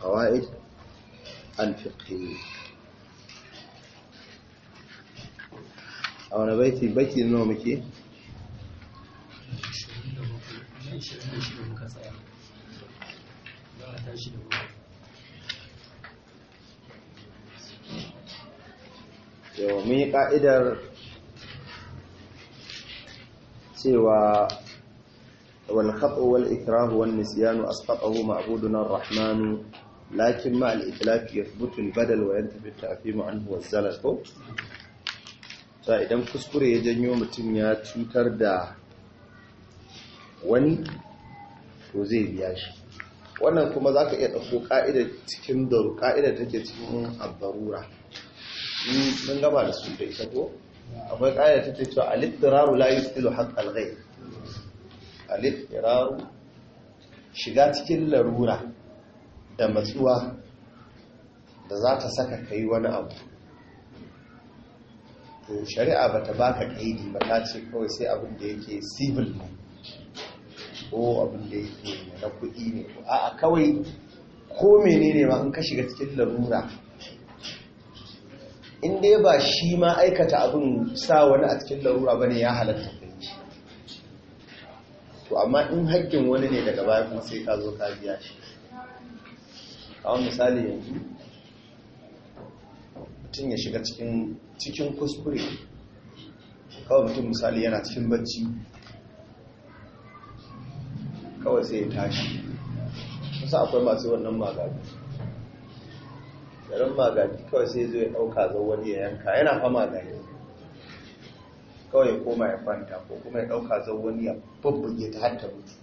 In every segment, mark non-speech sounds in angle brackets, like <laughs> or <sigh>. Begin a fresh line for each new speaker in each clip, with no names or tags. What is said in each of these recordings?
القواعد الفقهية أو أنا بيتي بيتي كي يومي قائد سوى والخطأ والإكراه والنسيان أسقطه معبودنا الرحمن lakin ma al-itlaq mutu al-badal wa yantafi fi tafim anhu wa ko ta idan kuskure ya janyo mutum ya cutar da wani to zai biya shi wannan kuma za ka iya ɗauko ƙa'idar cikin daru ƙa'idar take cikin abbarura mun gaba da su da ita to? akwai ƙa'idar take cewa alittiraru la yustilu haqq al-ghayr alittiraru shiga cikin larura da matsuwa da za ta saka ka yi wani abu to shari'a ba ta baka kaidi ba ta ce kawai sai abin da yake civil ne ko abin da yake na kuɗi ne a kawai ko menene ma in ka shiga cikin larura in dai ba shi ma aikata abin sa wani a cikin larura ba ne ya halatta kai shi to amma in haƙƙin wani ne daga baya kuma sai ka zo ka biya shi wani misali yanzu mutum ya shiga cikin kuskure kawai mutum misali yana cikin bacci kawai sai ya tashi kusa akwai masu wannan magaji, yaran magaji kawai sai zai ya ɗauka zo wani ya yanka yana da magani kawai ya koma ya kwanta ko kuma ya ɗauka zo wani ya babbage ta hatta mutu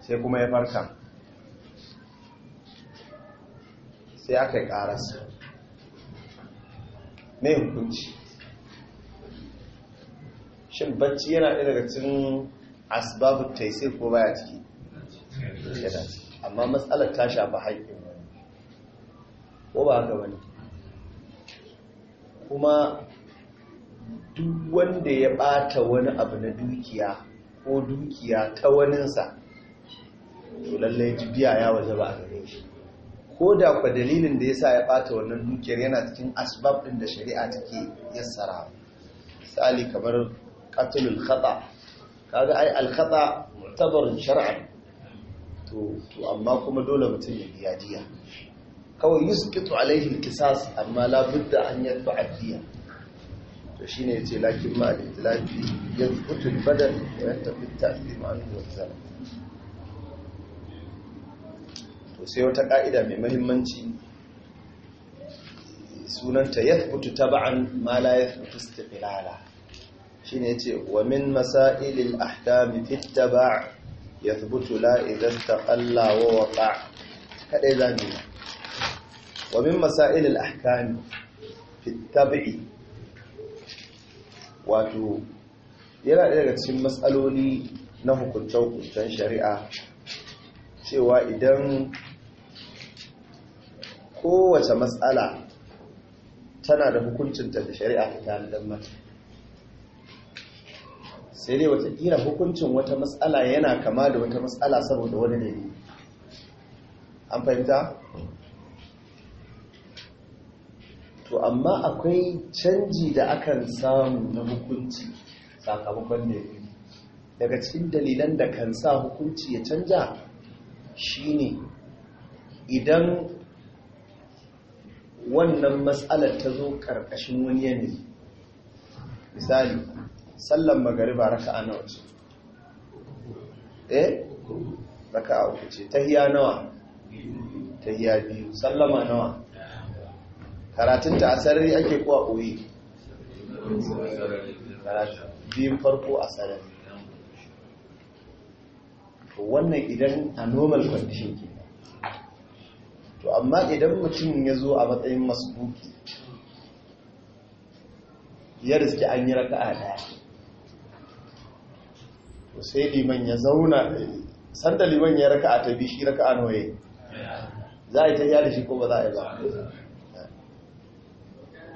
sai kuma ya farka sai aka yi ƙararsa ne hukunci shin bacci yana ɗaya daga cikin asbabu taisir ko baya ciki amma matsalar ta shafa haƙƙin wani ko ba haka wani kuma duk wanda ya ɓata wani abu na dukiya ko dukiya ta waninsa to lallai jibiya ya waje ba a gare shi ko da kwa dalilin da ya sa ya bata wannan dukiyar yana cikin asbab ɗin da shari'a take yassara misali kamar qatlul khata kaga ai al khata mu'tabar shar'an to to amma kuma dole mutum ya biya diya kawai yusqitu alaihi al-qisas amma la budda an yadfa'a diya to shine yace lakin ma al-itlafi yadfutu al-badal wa yantafi at-ta'lim anhu wa to sai wata ka'ida mai mahimmanci sunanta mala tab'an ma la yathbutu shi ne ce, wa min masailil ba, fi taba' yathbutu la ta istaqalla wa waqa kadai zamu wa min masailil ahkam fita ba’i wato yana ɗaya daga cikin matsaloli na hukunce-hukuncen shari'a cewa idan kowace matsala tana da hukuncinta da shari'a ta talidan mata sai dai watakila hukuncin wata matsala yana kama da wata matsala saboda wani ne an fahimta? to amma akwai canji da akan samu na hukunci sakamakon ne daga cikin dalilan da kan sa hukunci ya canja shine idan wannan matsalar ta zo ƙarƙashin wani yanayi misali sallan magariba raka'a nawa ce eh a uku ce tahiya nawa tahiya biyu sallama nawa karatun ta a sarari ake kuwa ɓoye biyun farko a sarari wannan idan a normal condition ke to amma idan mutum ya zo a matsayin masbuki ya riski an yi raka'a daya to sai liman ya zauna sanda liman ya raka'a ta bi shi raka'a nawa yayi za a yi tahiya da shi ko ba za a yi ba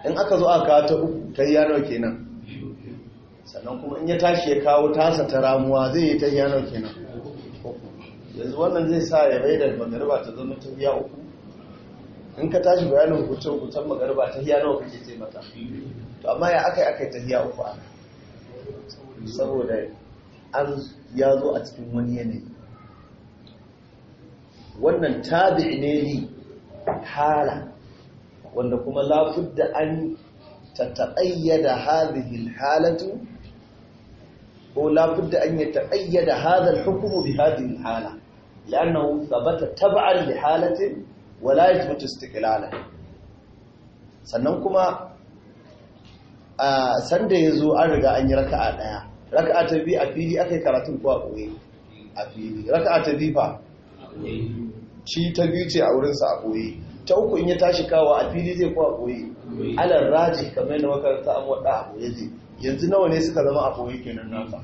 in aka zo aka ta uku ta yi nawa kenan sannan kuma in ya tashi ya kawo tasa ta ramuwa zai yi tahiya nawa kenan yanzu wannan zai sa ya bai da magariba ta zama biya uku in ka tashi bayanin hukuncin hukuncin magarba ta hiya nawa kake ce mata to amma ya aka yi aka yi ta hiya uku ana saboda an ya zo a cikin wani yanayi wannan tabi ne li hala wanda kuma lafudda an ko هذه الحالة أو لا بد أن يتأيد هذا الحكم بهذه الحالة لأنه ثبت تبعا لحالة wala ya mutu istiqlalan sannan kuma a sanda ya zo an riga an yi a ɗaya raka'a ta biyu a fili aka yi karatun kuwa a ɓoye a fili raka'a ta biyu fa shi ta biyu ce a wurinsa a ɓoye ta uku in ya tashi kawo a fili zai kuwa a ɓoye alar raji kamar yadda makaranta an waɗa a ɓoye zai yanzu nawa ne suka zama a ɓoye kenan nasa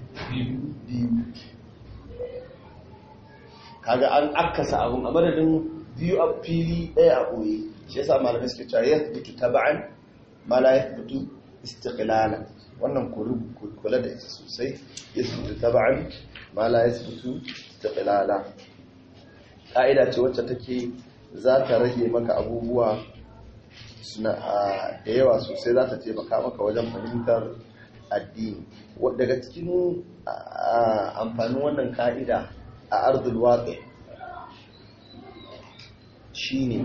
kaga an akasa abun a madadin biyu a fili ɗaya a ɓoye shi yasa malamai suke cewa ya ta taba'an ma la ya butu istiqlala wannan kuri kula da ita sosai ya ta taba'an ma la ya butu istiqlala ka'ida ce wacce take za ta rage maka abubuwa da yawa sosai za ta taimaka maka wajen fahimtar addini daga cikin amfanin wannan ka'ida a arzul waƙe shine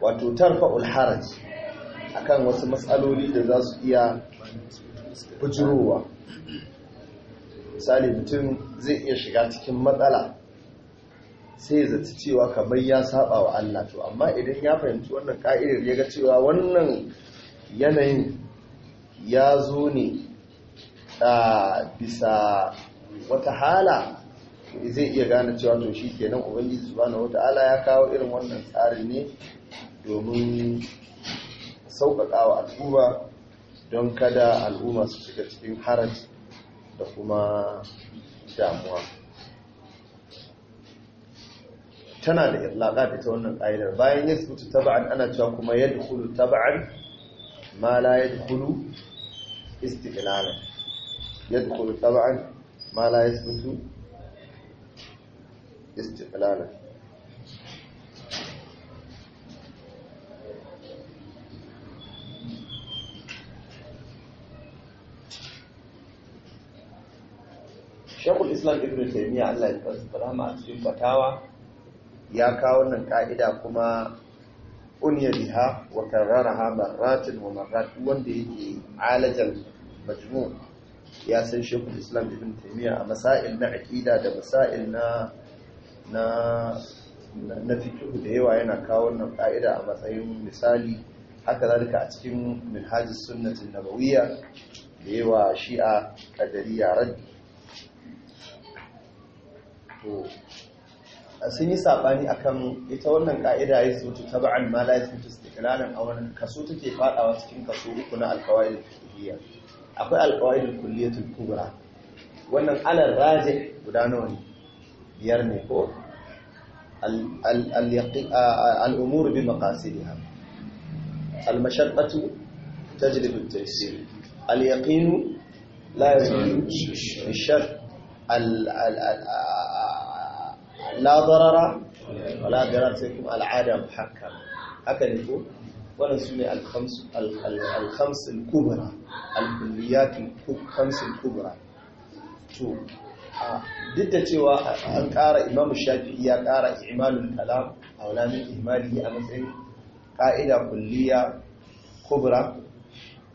wato tarfa'ul haraj akan wasu matsaloli da za su iya bujirowa misali mutum zai iya shiga cikin matsala sai ya zaci cewa kamar ya saba wa Allah to amma idan ya fahimci wannan ka'idar ya ga cewa wannan yanayin ya zo ne a bisa wata hala zai iya gane cewa to shi kenan ubangiji subhanahu wata'ala ya kawo irin wannan tsarin ne domin sauƙaƙawa al'umma don kada al'umma su cika cikin haraji da kuma damuwa tana da laka da ta wannan ƙa'idar bayan ya sutu taba'an ana cewa kuma ya dukulu taba'an ma la ya dukulu istiƙilalan ya dukulu taba'an ma la ya sutu istiqlalan shekul islam ibn taymiya allah ya rahama a cikin fatawa ya kawo wannan ka'ida kuma uniya biha wa karraraha marratin wa marrat wanda yake alajal majmu ya san shekul islam ibn taymiya a masail na aqida da masail na na fikihu da yawa yana kawo wannan ka'ida a matsayin misali haka zalika a cikin minhajis sunnatin nabawiyya da yawa shi'a kadariya raddi to sun yi sabani akan ita wannan ka'ida ya ta taba'an ma la yasmutu istiqlalan aw wannan kaso take fadawa cikin kaso uku na alqawaid akwai alqawaid kulliyatul kubra wannan alal rajih guda nawa ne يرمي فوق الأمور بمقاصدها المشقة تجلب التيسير اليقين لا يزول الشر لا ضرر ولا ضرر سيكون العادة محكمة هكذا يقول ونسمي الخمس الخمس الكبرى الكليات الخمس الكبرى duk da cewa an ƙara imam shafi'i ya ƙara imanin kalam a wani imali a matsayin ƙa'ida kulliya kubra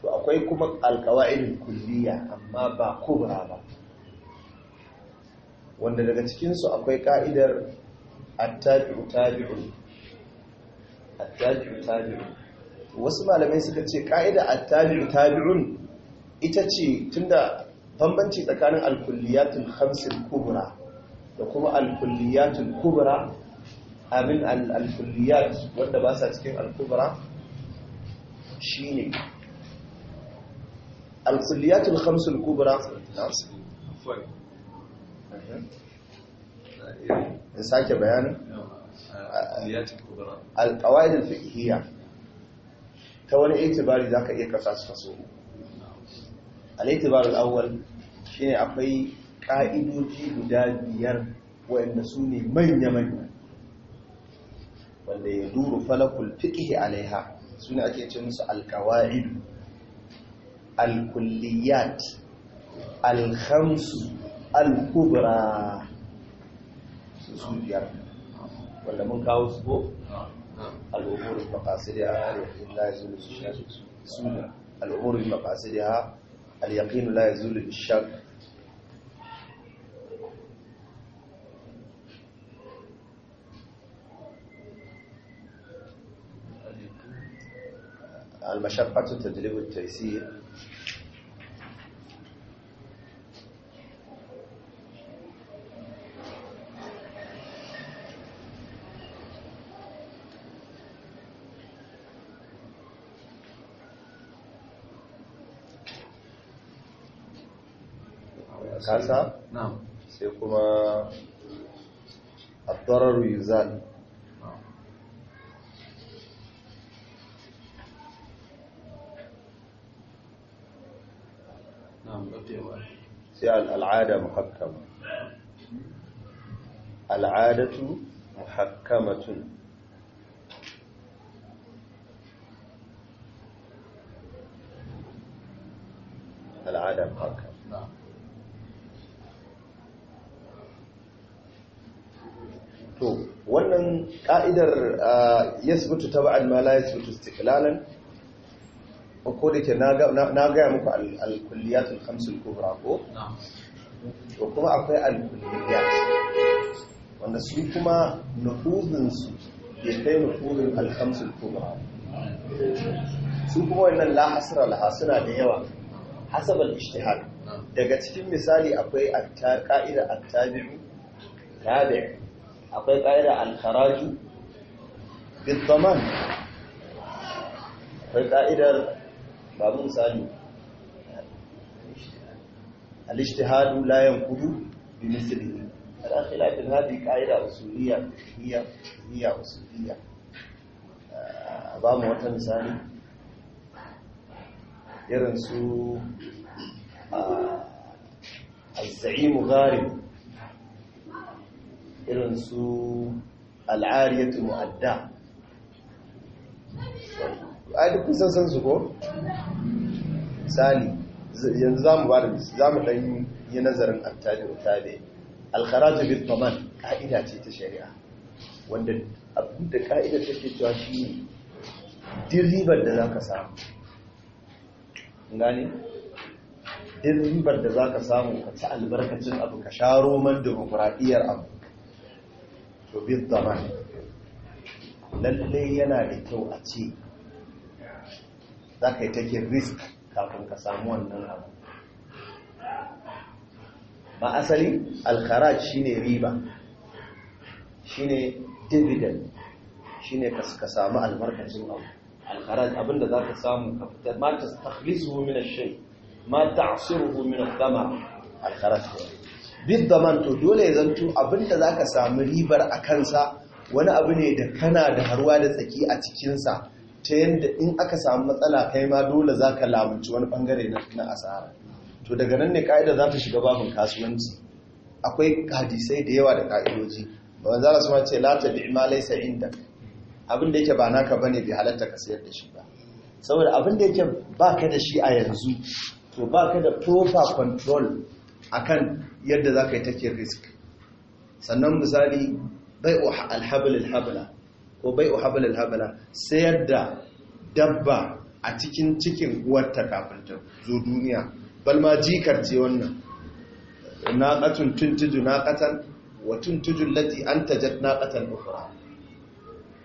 to akwai kuma alkawa'idin kulliya amma ba kubra ba wanda daga cikinsu akwai ƙa'idar attabi'u tabi'u wasu malamai suka ce ƙa'idar attabi'u tabi'un ita ce tunda bambanci tsakanin alkulliyatul hamsin kubra da kuma alkulliyatul kubra amin alkulliyat wanda ba sa cikin alkubra shine alkulliyatul khamsul kubra in sake bayanin alkawaidul fiqhiyya ta wani itibari ka iya kasa su kaso al-itibar shi ne akwai ka'idoji guda biyar wa'inda su ne manya-manya wanda ya duru falakul fiqhi alaiha suna ake ce musu al-qawaid al-kulliyat al kubra su biyar wanda mun kawo su ko al-umur al-maqasidiha wa al-lazim su suna al-umur al-maqasidiha اليقين لا يزول بالشك المشقة تجلب التيسير kasa sai kuma a tsarar yuzal sai al'ada muhakkama al'adatu muhakkamatun العالم هكذا نعم wannan ka'idar ah, yasbutu taba'an ma la yasbutu istiqlalan ko da ke na gaya muku al-kulliyatul kubra ko to kuma akwai al wanda su kuma nufuzinsu ya kai nufuzin al kubra su kuma wannan la hasra suna da yawa hasabar al daga cikin misali akwai ka'idar at-tabi'u tabi' akwai ƙa'idar alharaju biddaman akwai ƙa'idar babu misali al-ijtihadu la yanqudu bi misali ala khilaf hadhihi qa'ida usuliyya fiqhiyya fiqhiyya usuliyya ah, ba mu wata misali irin su az-za'im ah, gharib irin su al'ariyatu mu'adda a duk kusan san su ko misali yanzu za mu ba da za mu ɗan yi nazarin attabi utabe alkharaju bil taman ka'ida ce ta shari'a wanda abin da ka'idar take cewa shi ne ribar da za ka samu gane ribar da za ka samu ka ci albarkacin abu ka sha roman demokuraɗiyyar abu to bi zaman lalle yana da kyau a ce za ka yi take risk kafin ka samu wannan abu ba asali alkharaj shine riba shine dividend shine ka samu albarkacin abu alkharaj abinda za ka samu ka fitar ma ta takhlisu min ash-shay ma ta'siruhu min ath-thamar alkharaj Baman to dole ya zanto abinda za ka samu ribar a kansa wani abu ne da kana da harwa da tsaki a cikinsa ta yadda in aka samu matsala kai ma dole za ka lamunci wani bangare na asara to daga nan ne ka'ida za ta shiga babin kasuwanci akwai hadisai da yawa da ka'idoji ba za su ce la ta bi'ma laysa inda abin da yake ba naka ne bai halatta ka sayar da shi ba saboda abin da yake baka da shi a yanzu to baka da proper control akan yadda za ka yi take risk sannan misali bai alhabal alhabala ko bai habal alhabala sayar da dabba a cikin cikin wata kafin ta zo duniya balma jikar ce wannan katun tuntuju naqatan wa tuntuju allati na katan ukhra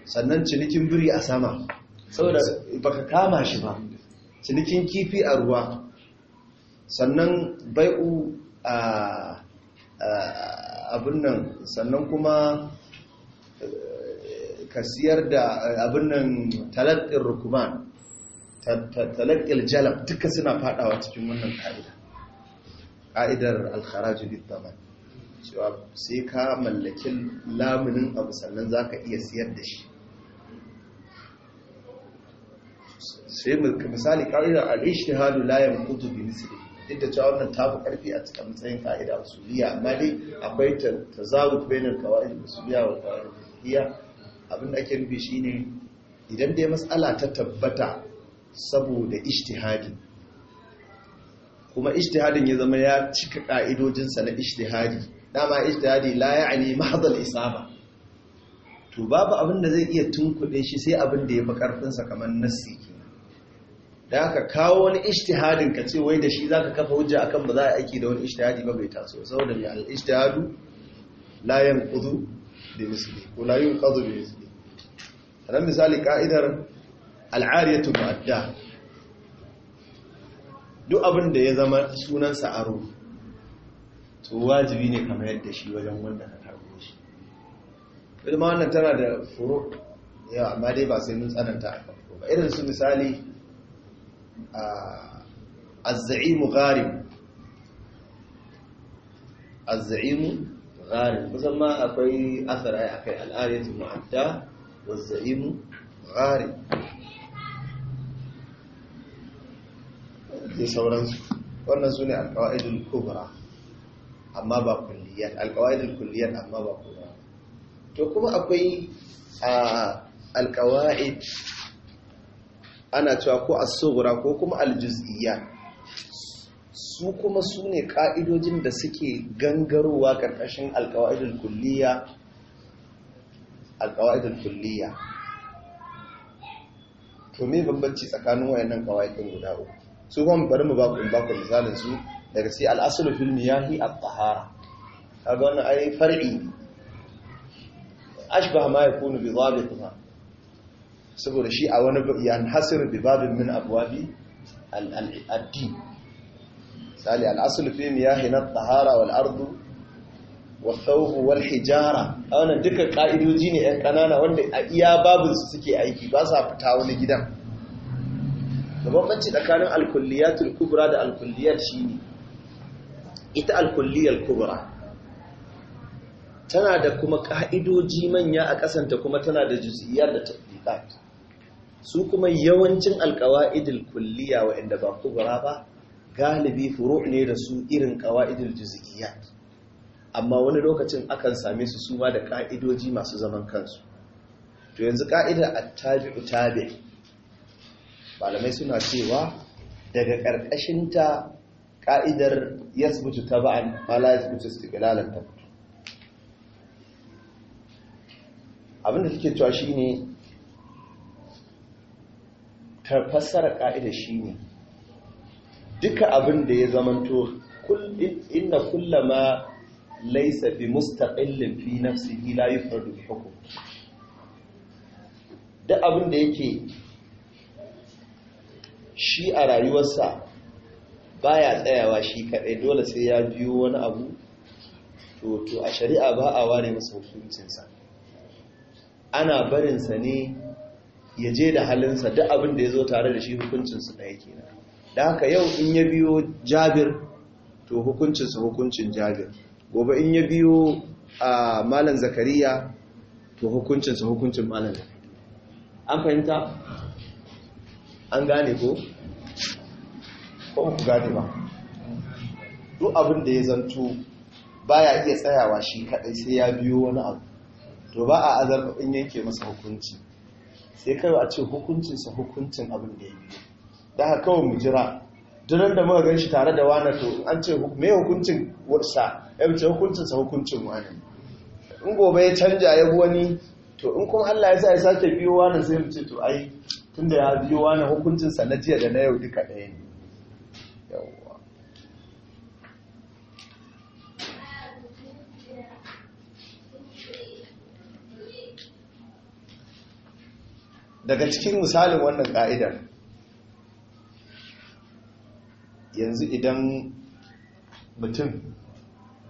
sannan cinikin biri a sama saboda baka kama shi ba cinikin kifi a ruwa sannan bai'u abin nan sannan kuma eh, ka siyar da eh, abin nan talaƙin rukuman talaƙin jalab duka suna fadawa cikin wannan ka'ida ka'idar alkharaju bittaman cewa sai ka mallaki laminin abu sannan za ka iya siyar da shi sai misali ƙa'idar al-ishtihadu la yanqutu bi duk da cewa wannan tafi karfi a cikin matsayin ka'ida usuliya amma dai akwai tazaruf bainar qawaid usuliya wa kawai fiqhiyya abin da ake nufi shine idan dai matsala ta tabbata saboda ishtihadi kuma ijtihadin ya zama ya cika ka'idojinsa na ishtihadi dama ishtihadi la ya'ni mahdhal isaba to babu abin da zai iya tunkuɗe shi sai abin da ya fi karfinsa kamar nasiki da aka kawo wani ishtihadin ka ce wai da shi zaka kafa hujja akan ba za a aiki da wani ishtihadi ba bai taso saboda mai al-ishtihadu la yanqudu bi misli ko la yanqudu bi misli ran misali ka'idar al-ariyatu mu'adda duk abin da ya zama sunansa aro to wajibi ne kamar yadda shi wajen wanda ka karbo shi ilma wannan tana da furu yawa amma dai ba sai mun tsananta a ba irin su misali azza'imu gharib azza'imu gharib kusan ma akwai asar ai akai al'ariyatu mu'adda wazza'imu gharib da sauransu wannan su ne alƙawa'idul kubra amma ba amma ba kubra to kuma akwai ana cewa ko asogura ko kuma aljuz'iyya su kuma su ne ƙa'idojin da suke gangarowa ƙarƙashin alƙawa'idul kulliya to me bambanci tsakanin wayannan ƙawa'idin guda uku su kuma bari mu baku baku misalin su daga sai al'asulu fil miyahi at-tahara kaga wannan ai far'i ashbaha ma yakunu bi dhabitha saboda shi a wani yanhasir bi babin min abuwabi al’addi tsali al’asul fi ya hina tahara wal ardu wal thawb wal hijara wannan duka ka'idoji ne yan kanana wanda a iya babinsu suke aiki ba sa fita wani gidan da bambanci tsakanin alkulliyatul kulliyatul kubra da alkulliyar shi ne, ita alkulliyar kubura kubra tana da kuma ka'idoji manya a kasanta kuma tana da juz'iyar da tatbiqat su kuma yawancin idil kulliya waɗanda ba ku gura ba galibi furu' ne da su irin idil juz'iyyat amma wani lokacin akan same su suma da ka'idoji masu zaman kansu to yanzu ka'idar at-tabi'u tabi' malamai suna cewa daga ƙarƙashin ta ka'idar yasbutu taba'an ma yasbutu istiqlalan ta abinda take cewa shine tafassara ƙa'ida shi ne, duka abin da ya zamanto inna kullama laysa bi mustaqillin fi nafsihi la yufradu bi hukm duk abin da yake shi a rayuwarsa baya tsayawa shi kadai dole sai ya biyo wani abu to to a shari'a ba a ware masa hukuncinsa ana barinsa ne ya je da halinsa duk abin da ya zo tare da shi hukuncinsu yake na. da haka yau in ya biyo jabir to hukuncinsu hukuncin jabir gobe in ya biyo a malan zakariya to hukuncinsu hukuncin malan an fahimta an gane ko ko ku gane ba duk abin da ya zanto ba ya iya tsayawa shi kadai sai ya biyo wani abu to ba a azar in yanke masa hukunci sai kawai a ce hukuncinsa hukuncin abin da ya biyu da haka kawai mu jira duran da muka gan shi tare da wani to an ce me hukuncin wursa, ya ce hukuncinsa hukuncin wani in gobe ya canja ya wani to in kuma Allah ya sa ya sake biyo wani sai mu ce to ai tunda ya biyo wani hukuncinsa na jiya da na yau duka ɗaya ne daga cikin misalin wannan ka'idar yanzu idan mutum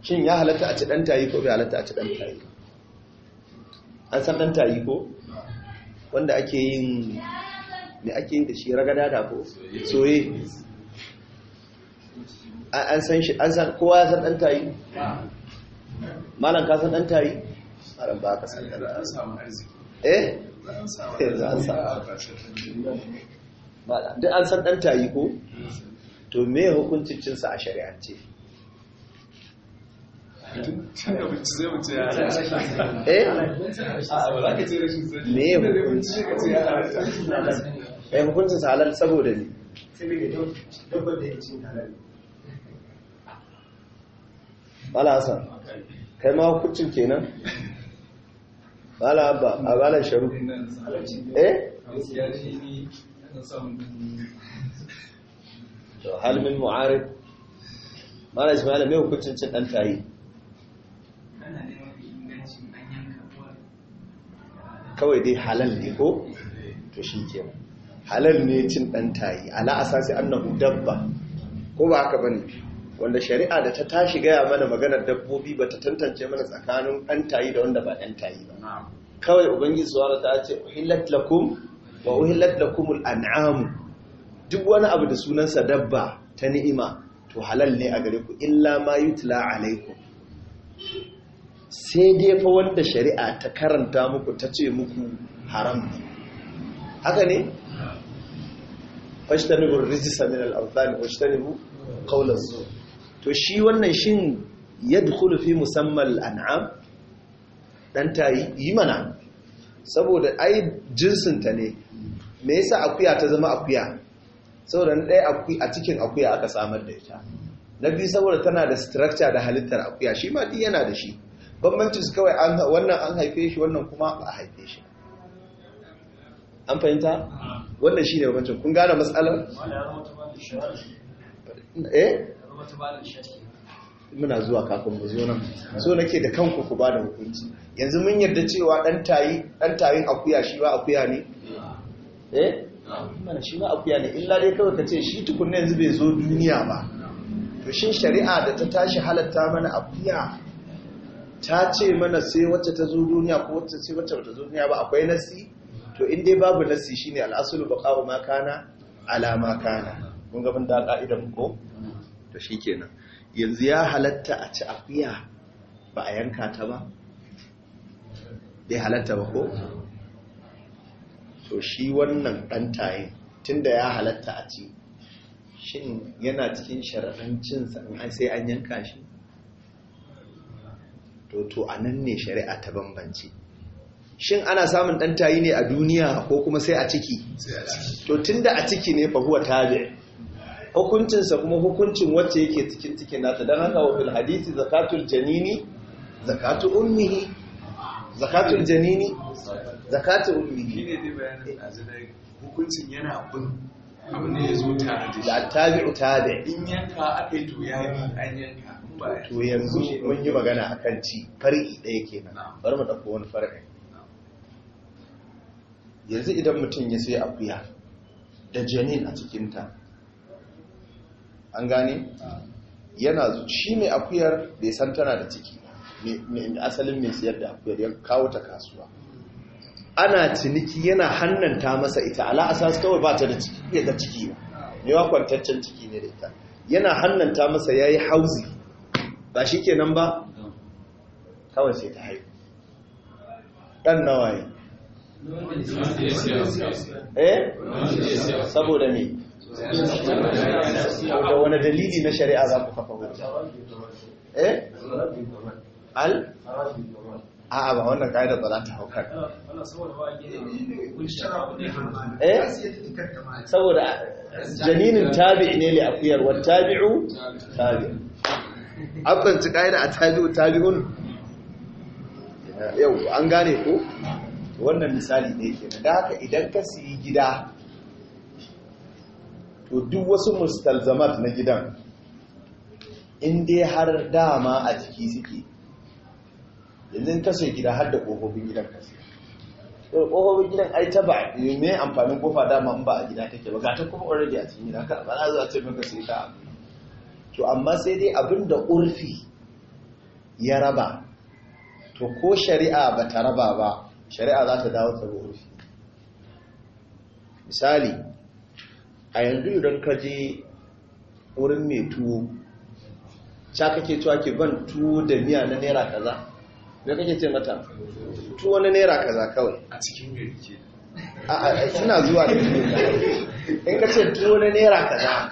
shin ya halatta a ci dan tayi ko bai halatta a ci dan tayi an san dan tayi ko wanda ake yin ne ake yin da shi ragada da ko soye an san shi an san kowa ya san dan tayi malam ka san dan tayi malam ba ka san dan tayi eh duk an san ɗan tayi ko to me hukuncin cinsa a shari'ance cin hukuncin? ya eh me hukunci eh, hukuncin halal saboda ne Bala Hassan, kai ma hukuncin kenan? mala abba a malar sharu eh to halmin mu'arib mala ismaila mai hukuncin cin dan tayi kawai dai halal ne ko to shi ke halal ne cin dan tayi ala asasi annahu dabba ko ba haka bane wanda shari'a da ta tashi gaya mana maganar dabbobi ba ta tantance mana tsakanin ɗan tayi da wanda ba ɗan tayi ba kawai ubangiji subhanahu ta ce uhillat lakum wa uhillat lakumul an'am duk wani abu da sunansa dabba ta ni'ima to halal ne a gare ku illa ma yutla alaikum sai dai fa wanda shari'a ta karanta muku ta ce muku haram ne haka ne fashtanibu rijisa min al-awthan washtanibu qawla az to shi wannan shin yadkhulu fi musammal an'am ɗanta yi mana saboda ai jinsinta ne me yasa akuya ta zama akuya saboda na ɗaya a cikin akuya aka samar da ita na biyu saboda tana da structure da halittar akuya shi ma ɗi yana da shi bambanci su kawai wannan an haife shi wannan kuma ba a haife shi an fahimta wannan shi ne bambancin kun gane matsalar eh muna zuwa kafin mu zo nan so nake da kanku ku ba da hukunci yanzu mun yarda cewa dan tayi dan tayin akuya shi ba akuya ne eh mana shi ba akuya ne illa dai kawai ka ce shi tukunna yanzu bai zo duniya ba to shin shari'a da ta tashi halatta mana akuya ta ce mana sai wacce ta zo duniya ko wacce sai wacce ta zo duniya ba akwai nasi to in dai babu nasi shine al'asulu baqa'u ma kana ala ma kana mun ga mun da ka'idan ko to shikenan yanzu ya halatta a ci akuya ba a yanka ta ba bai halatta ba ko to shi wannan tun tunda ya halatta a ci shin yana cikin sharaɗin cinsa sai an yanka shi to to a nan ne shari'a ta bambanci shin ana samun tayi ne a duniya ko kuma sai a ciki to tunda a ciki ne fahuwa tabi hukuncinsa kuma hukuncin wacce yake cikin cikin nata don haka wafil hadisi zakatul janini zakatul ummihi zakatul janini zakatul ummihi shi ne dai bayanin azinai hukuncin yana abin abin ne ya zo tare da shi da tabi'u tabi in yanka aka yi to ya yi an yanka to yanzu mun yi magana a kan ci far'i ɗaya kenan bari mu ɗauko wani far'i yanzu idan mutum ya sai akuya da janin a cikinta an gane yana shi mai akuyar bai san tana da ciki asalin mai siyar da akuyar ya kawo ta kasuwa ana ciniki yana hannanta masa ita ala asas kawai ba ta da ciki ya ga ciki ba mewa kwantaccen ciki ne da ita yana hannanta masa ya yi hauzi ba shi kenan ba kawai sai ta haihu ɗan nawaye eh saboda ne. wani dalili na shari'a za ku kafa hujja eh al a'a ba wannan ka'idar ba za ta hau kan eh saboda janinin tabi ne li akuyar wa tabi'u tabi abban ci a tabi'u tabi'un yau an gane ku. wannan misali ne ke da haka idan ka siyi gida to duk wasu mustalzamat na gidan in dai har dama a jiki suke yanzu kashe gida har da ƙofofin gidan kashe ƙofofin gidan ai ta ba me amfanin kofa dama in ba a gida take ba ga ta kuma already a cikin gida ka ba za a ce maka sai ta to amma sai dai abin da urfi ya raba to ko shari'a ba ta raba ba shari'a za ta dawo ta urfi misali a yanzu idan ka je wurin mai tuwo ca kake cewa ke ban tuwo da miya na naira kaza me kake ce mata tuwo na naira kaza kawai a cikin gari ke a suna zuwa da tuwo in ka ce tuwo na naira kaza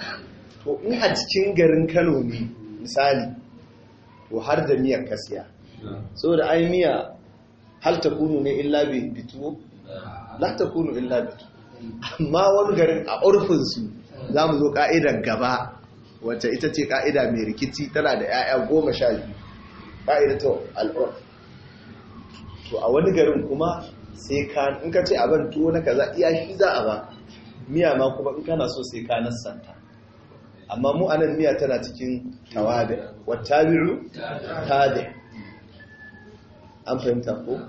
to in a cikin garin Kano ne misali to har da ka kasiya saboda ai miya hal kunu ne illa bi tuwo la takunu illa bi tuwo amma wani garin a urfinsu za mu zo ƙa'idan gaba wacce ita ce ƙa'ida mai rikici tana da 'ya'ya goma sha biyu ƙa'ida ta al'urf to a wani garin kuma sai ka in ka ce abin tuwo na kaza iya shi za a ba miya ma kuma in kana so sai ka nassanta amma mu anan miya tana cikin wata wattabi'u tabi an fahimta ko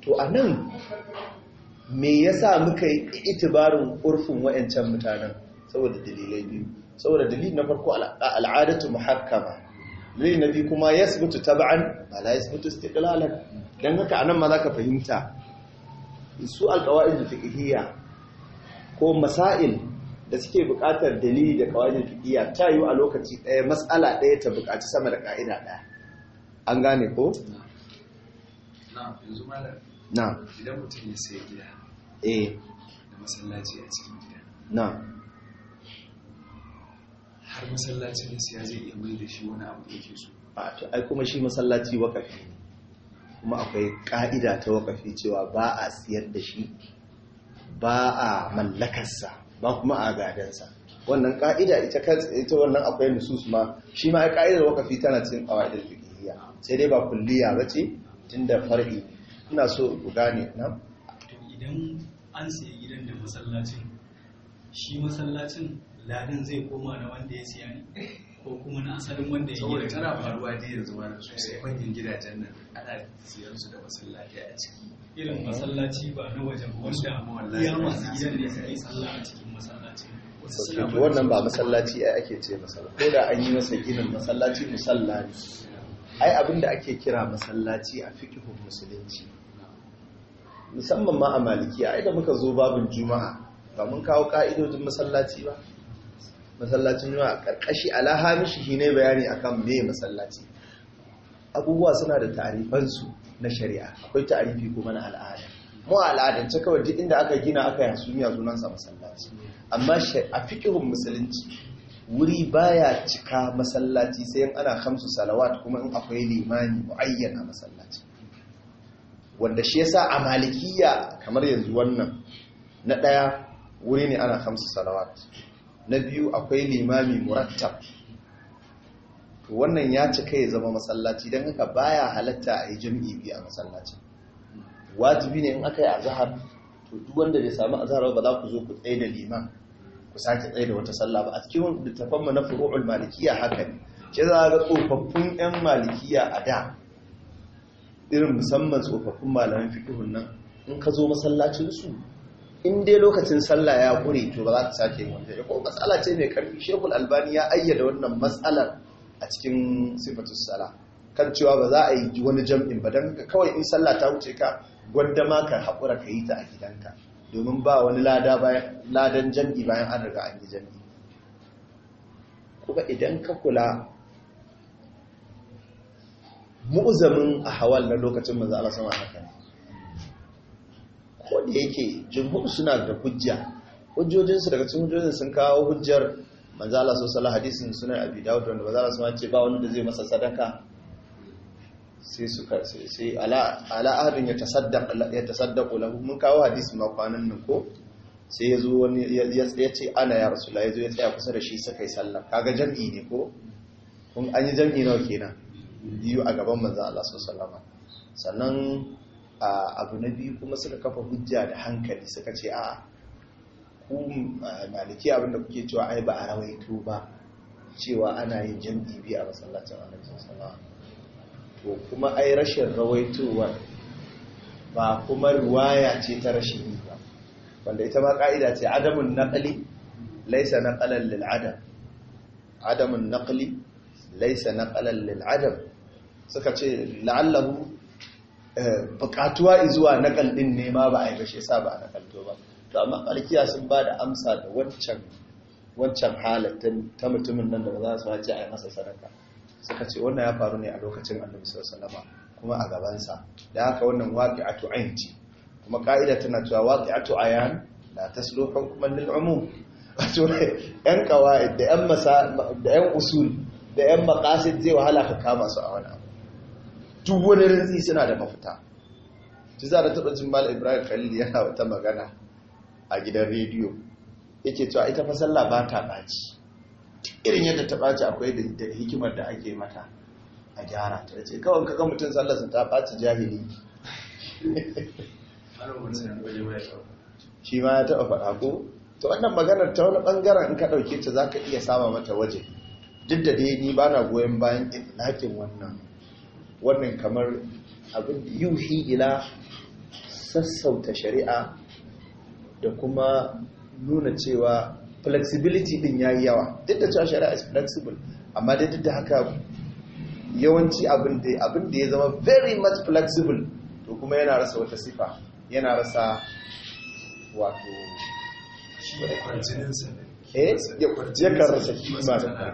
to a nan me ya sa muka yi itibarin urfin wayancan mutanen saboda dalilai biyu saboda dalilin na farko al'adatu muhakkama dalilin na biyu kuma ya yasbutu taba'an ba la ya yasbutu istiqlalan don haka anan ma za ka fahimta su alqawaid fiqhiyya ko masail da suke buƙatar dalili da qawaid fiqhiyya ta yi a lokaci ɗaya mas'ala ɗaya ta buƙaci sama da ƙa'ida ɗaya an gane ko yanzu na idan mutum ya sai gida eh da masallaci a cikin gida na har masallacin da siya zai iya mai da shi wani abu da ke so a to ai kuma shi masallaci wakafi kuma akwai ka'ida ta wakafi cewa ba a siyar da shi ba a mallakarsa ba kuma a gadansa wannan ka'ida ita ita wannan akwai nusus ma shi ma ka'idar wakafi tana cikin qawaidul fiqhiyya sai dai ba kulliya bace tunda far'i ina so ku gane na to idan an sai gidan da masallacin shi masallacin ladin zai koma na wanda ya siya ne ko kuma na asalin wanda ya yi tana faruwa da yanzu wani sai manyan gidajen nan ana siyan su da masallaci a ciki irin masallaci ba na wajen wanda ya masu gidan ne suke sallah a cikin masallaci wannan ba masallaci ai ake ce masallaci ko da an yi masa ginin masallaci musalla ne ai abin da ake kira masallaci a fikihun musulunci musamman ma a maliki ai da muka zo babin juma'a ba mun kawo ka'idojin masallaci ba masallacin juma'a karkashi alahamishihi ne bayani akan me masallaci abubuwa suna da tarifansu na shari'a akwai tarifi kuma na al'ada mu ce kawai duk inda aka gina aka yi sunan sa masallaci amma a fikihun musulunci wuri baya cika masallaci sai ana kamsu salawat kuma in akwai limani mu'ayyana a masallaci wanda shi yasa a malikiya kamar yanzu wannan na ɗaya wuri ne ana hamsu salawat na biyu akwai limami murattab to wannan ya cika ya zama masallaci don haka baya halatta a yi jam'i biyu a masallaci wajibi ne in aka yi azahar to duk wanda bai samu azahar ba za ku zo ku tsaye da liman ku sake tsaye da wata sallah ba a cikin littafanmu na furu'ul malikiya haka ne ce za ga tsofaffin 'yan malikiya a da irin musamman tsofaffin malamin fikihun nan in ka zo masallacinsu in dai lokacin sallah ya kure to ba za ka sake yin wanda ko matsala ce mai karfi shekul albani ya ayyada wannan matsalar a cikin sifatus sala kan cewa ba za a yi wani jam'in ba don kawai in sallah ta wuce ka gwanda ma ka haƙura ka yi ta a gidanka domin ba wani ladan jam'i bayan an riga an yi jam'i kuma idan ka kula mu'uzamin hawal na lokacin manzo Allah sama haka ko da yake jumhur suna da hujja hujjojinsu daga cikin hujjojin sun kawo hujjar manzo Allah sallallahu hadisin sunan Abi Dawud wanda manzo Allah sama ce ba wanda zai masa sadaka sai su karse sai ala ala ahadin ya tasaddaq ya tasaddaqu lahu mun kawo hadisin ma kwanan nan ko sai ya zo wani ya ce ana ya rasu ya zo ya tsaya kusa da shi suka yi sallah kaga jam'i ne ko kun an yi jam'i nawa kenan biyu a gaban manzan Allah salama sannan abu na biyu kuma suka kafa hujja da hankali suka ce a ku maliki abinda kuke cewa ai ba a rawaito ba cewa ana yin jan biyu a masallacin annabi salama to kuma ai rashin rawaitowar ba kuma riwaya ce ta rashin yi ba wanda ita ma ka'ida ce adamun naqli laysa naqalan lil adam adamun naqli laysa naqalan lil adam suka ce la'allahu eh, bukatuwa izuwa na din ne ma ba a yi ba shi ba a nakalto ba to amma alkiya sun ba da amsa da wancan wancan ta mutumin nan da ba za su haji a yi masa sadaka suka ce wannan ya faru ne a lokacin annabi sallallahu alaihi kuma a gabansa da haka wannan waqi'atu ayn ce kuma ka'ida tana cewa waqi'atu ayan la na hukman lil umum wato yan qawaid da yan masa da yan usul da yan maqasid zai wahala ka kama su a wani abu duk wani rantsi suna da mafita ci za da taɓa jin ibrahim khalil yana wata magana a gidan rediyo yake cewa ita fa labata ta ɓaci irin yadda ta ɓaci akwai da hikimar da ake mata a gyara ta ce kawai kaga mutum sallar ta ɓaci jahili shi ma ya taɓa faɗa ko to wannan maganar ta wani ɓangaren in ka ɗauke ta za ka iya sama mata waje duk da dai ni ba na goyon bayan ɗin wannan wannan kamar abin yuhi ila sassauta shari'a da kuma nuna cewa flexibility din ya yi yawa duk da cewa shari'a is flexible amma dai duk da haka yawanci abin da ya zama very much flexible to kuma yana rasa wata sifa yana rasa wato shi ne kwarjinin eh ya rasa kima da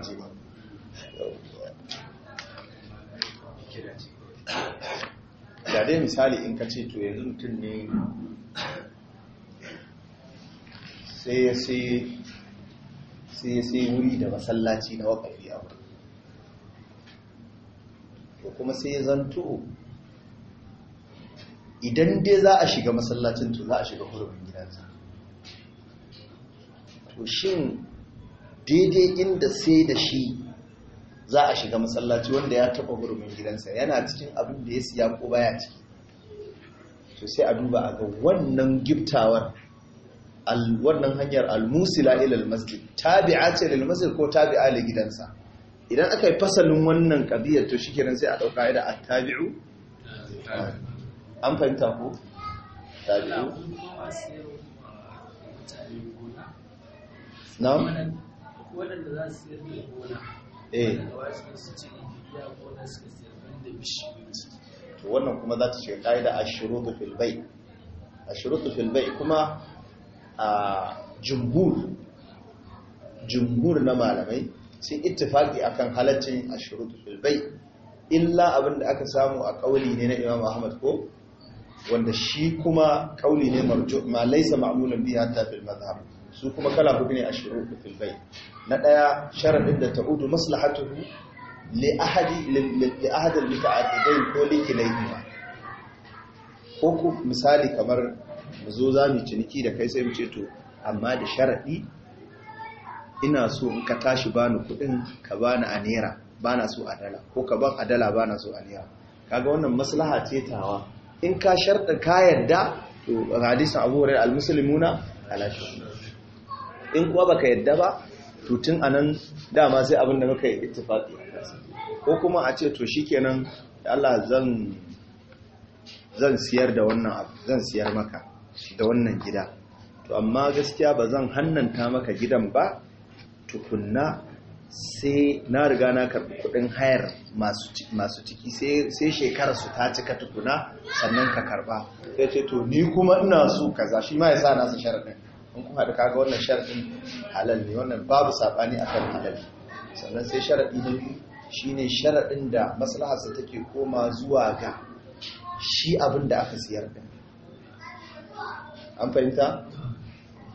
da dai misali in ka ce to yanzu mutum ne sai ya sai wuri da masallaci na wakafi a wuri to kuma sai ya zanto idan dai za a shiga masallacin to za a shiga hurumin gidansa to shin daidai inda sai da shi za a shiga masallaci wanda ya taba hurumin gidansa yana cikin abin da ya siya ko baya ciki to sai a duba a ga wannan giftawar wannan hanyar almusila ilal masjid tabi'a ce lil masjid ko tabi'a li gidansa idan aka yi fasalin wannan kabiyar to shikenan sai a dauka ida a tabi'u an fahimta ko tabi'u na'am wadanda za su yi gona Eh. to wannan kuma za ta ce ƙa'ida a shuruɗu filbai a shuruɗu filbai kuma a jumhur jumhur na malamai sai ittifaki akan halaccin a shuruɗu filbai illa abin da aka samu a ƙauli ne na imam ahmad ko wanda shi kuma ƙauli ne ma laisa ma'amulan biya ta fil su kuma kala hudu ne a shirin fil bai na ɗaya sharaɗin da ta'udu maslahatuhu li ahadi li ahadin li ta'addain ko li ko ku misali kamar mu zo za mu ciniki da kai sai mu ce to amma da sharaɗi ina so in ka tashi bani kuɗin ka bani a naira bana so a dala ko ka ban a dala bana so a naira kaga wannan maslaha ce tawa in ka sharɗa ka yarda to hadisin abu hurairah al-muslimuna ala shi in kuwa baka yadda ba to tun anan dama sai abin da muka yi ittifaqi ko kuma a ce to shikenan Allah zan zan siyar da wannan abu zan siyar maka da wannan gida to amma gaskiya ba zan hannanta maka gidan ba tukunna sai na riga na karbi kudin hayar masu ciki sai shekara su ta cika tukuna sannan ka karba sai ce to ni kuma ina so kaza shi ma ya sa nasu sharaɗin in kuma haɗu kaga wannan sharaɗin halal ne wannan babu saɓani akan halal sannan sai sharaɗi na biyu shine sharaɗin da maslaharsa take koma zuwa ga shi abin da aka siyar da an fahimta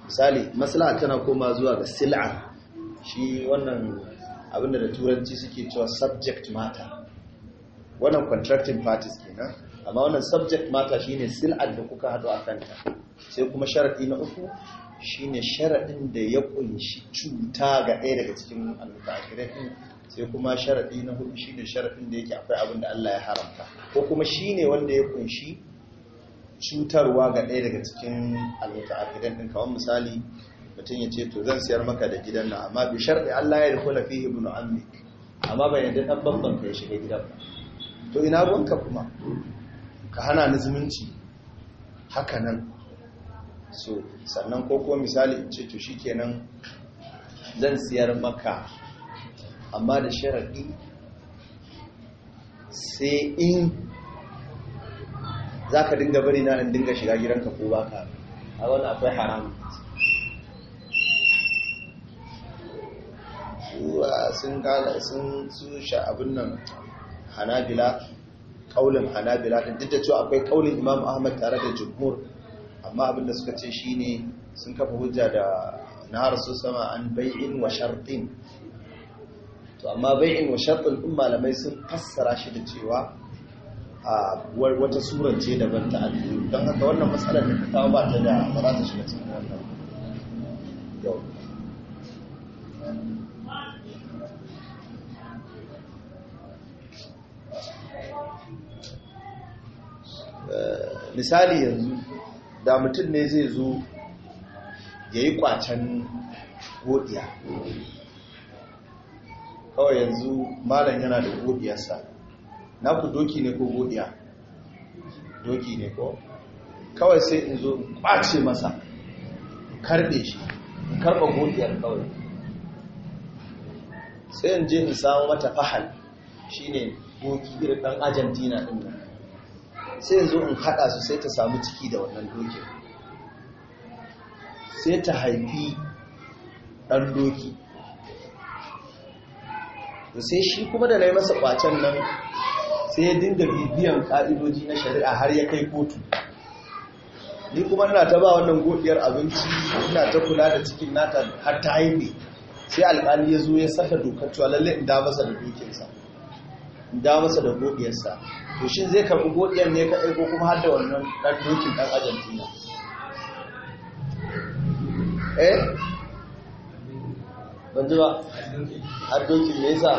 misali maslaha tana koma zuwa ga sil'a shi wannan abin da turanci suke cewa subject matter wannan contracting parties kenan amma wannan subject matter shine sil'ar da kuka haɗu a kanta sai kuma sharaɗi na uku shine sharaɗin da ya kunshi cuta ga ɗaya daga cikin almutakirai ɗin sai kuma sharaɗi na hudu shine sharaɗin da yake akwai abin da Allah ya haramta ko kuma shine wanda ya kunshi cutarwa ga ɗaya daga cikin almutakirai ɗin kamar misali mutum ya ce to zan siyar maka da gidan nan amma bi sharaɗi, Allah ya rikula fi ibnu ammi amma bai yadda ɗan babban ka ya shiga gidan ba to ina gonka kuma ka hana ni zumunci haka nan so sannan ko kuma misali in ce to shi kenan zan siyar maka amma da sharaɗi sai in za ka dinga bari na in dinga shiga gidanka ko ba ka a wani akwai haram sun gala sun su sha abin nan hanabila ƙaunin hanabila ɗin duk da cewa akwai ƙaunin imam ahmad tare da jumhur amma abinda suka ce shine sun kafa hujja da nahar su sama an bai'in wa shartin to amma bai'in wa shartin din malamai sun fassara shi da cewa a wata surar ce daban ta aljihu don haka wannan matsalar da ta kawo ba ta da ba za ta shiga cikin wannan yau eh, misali yanzu da mutum ne zai zo ya yi kwacen godiya kawai yanzu malam yana da godiyarsa na ku doki ne ko godiya doki ne ko kawai sai in zo kwace masa karbe shi karba godiyar kawai sai in je in samu mata fahal shine goki irin dan argentina din sai yanzu in haɗa su sai ta samu ciki da wannan dokin sai ta haifi ɗan doki da sai shi kuma da na yi masa ƙwacen nan sai ya dinga bibiyan ƙa'idoji na shari'a har ya kai kotu ni kuma na ta ba wannan godiyar abinci ina ta kula da cikin nata har ta haife sai alƙali ya zo ya saka dokar cewa lalle in da masa da dokinsa in da masa da godiyarsa to zai karɓi godiyar ne kaɗai ko kuma har da wannan dokin ɗan argentina eh ba har dokin yasa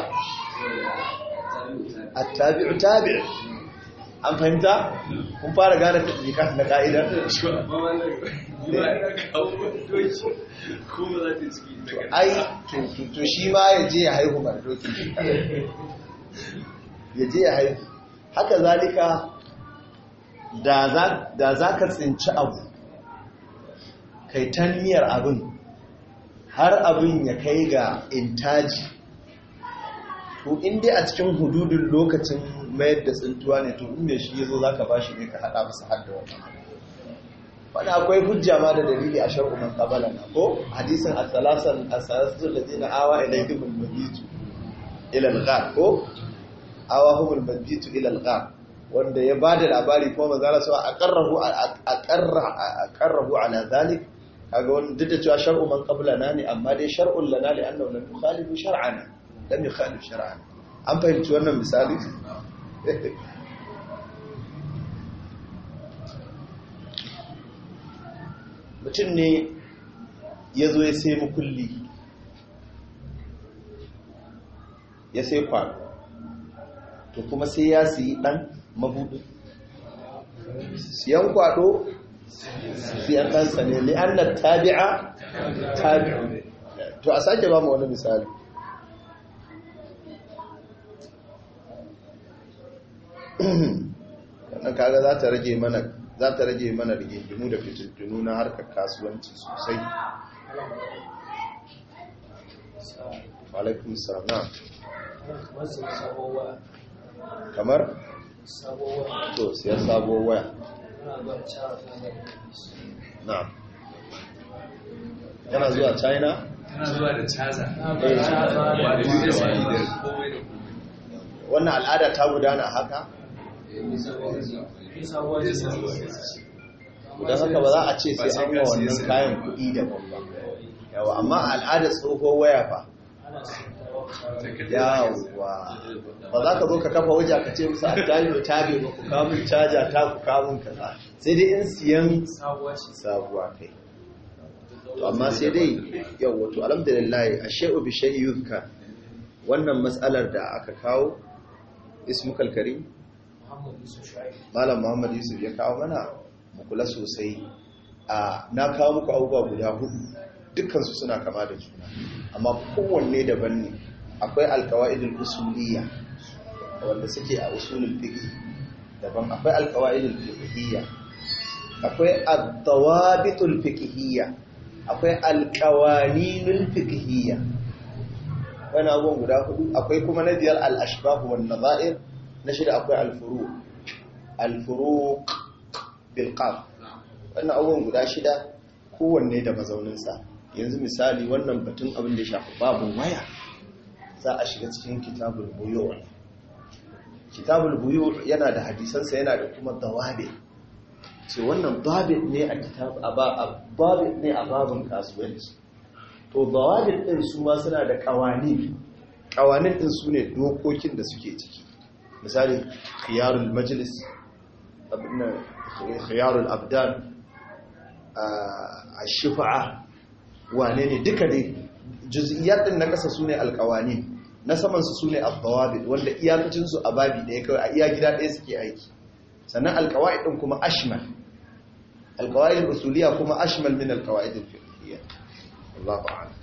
attabi'u tabi'u an fahimta kun fara gane na ka'ida to shi ma ya je ya haihu ba dokin ya je ya haihu haka zalika da za ka tsinci abu kai ta niyyar abin har abin ya kai ga intaji to inda a cikin hududin lokacin mayar da tsintuwa ne to inda shi yazo za ka ba shi ne ka haɗa masa hada wata wani akwai hujja ma da dalili a shan umar kabala na ko hadisun a tsalasar a tsalasar da zina awa ilai dubin mabitu ilal ko awahumul mabitu ila al wanda ya bada labari kuma manzo Allah sallallahu a wasallam a ala zalik kaga wani duk da cewa shar'u man na ne amma dai shar'un lana li annahu lam yukhalifu shar'ana lam yukhalifu shar'ana an fahimci wannan misali <laughs> mutum ne ya zo ya sai mukulli ya sai kwano to kuma sai ya siyi ɗan mabuɗi siyan kwaɗo siyan ɗansa ne li'annar tabi'a tabi'a to a sake ba mu wani misali wannan kaga za ta rage mana za ta rage mana rigingimu da fitintunu na harkar kasuwanci sosai alaikun kamar to siya sabo waya na yana zuwa china yana zuwa da caza eh, wannan al'ada ta gudana haka don
haka ba za a ce sai an ma wannan kayan
kuɗi da babba yawa amma al'ada tsoho waya fa yawwa ba za ka zo ka kafa waje ka ce musu addani da tabe ba ku kawo caja ta ku kawo kaza sai dai in siyan sabuwa kai
to amma sai dai
yau wato alhamdulillah ashe'u bi shay'i yuka wannan matsalar da aka kawo ismukal karim malam muhammad yusuf ya kawo mana mu kula sosai a na kawo muku abubuwa guda hudu dukkansu suna kama da juna amma kowanne daban ne akwai alkawa'idul usuliyya wanda suke a usulun fiƙi daban akwai alkawa'idul fiƙihiyya akwai ad fiƙihiyya fiqhiyya akwai alkawaninul fiqhiyya wani abubuwan guda hudu akwai kuma na biyar al wanda za'ir na shida akwai al'furu, al'furu al Wani bil abubuwan guda shida kowanne da mazauninsa yanzu misali wannan batun abin da ya shafi babu waya za a shiga cikin kitabul buyu kitabul buyu yana da hadisansa yana da kuma dawabe ce wannan babit ne a kitab ne a babin kasuwanci to dawabit din su ma suna da kawani kawanin din su ne dokokin da suke ciki misali khiyarul majlis abinna khiyarul abdan a shifa'a wane ne duka dai juz'iyat na kasa sune alqawani na saman su sune abdawabit wanda iyakacinsu su a babi daya kawai a iya gida daya suke aiki sannan alqawaid ɗin kuma ashmal alqawaid usuliyya kuma ashmal min alqawaid da Allahu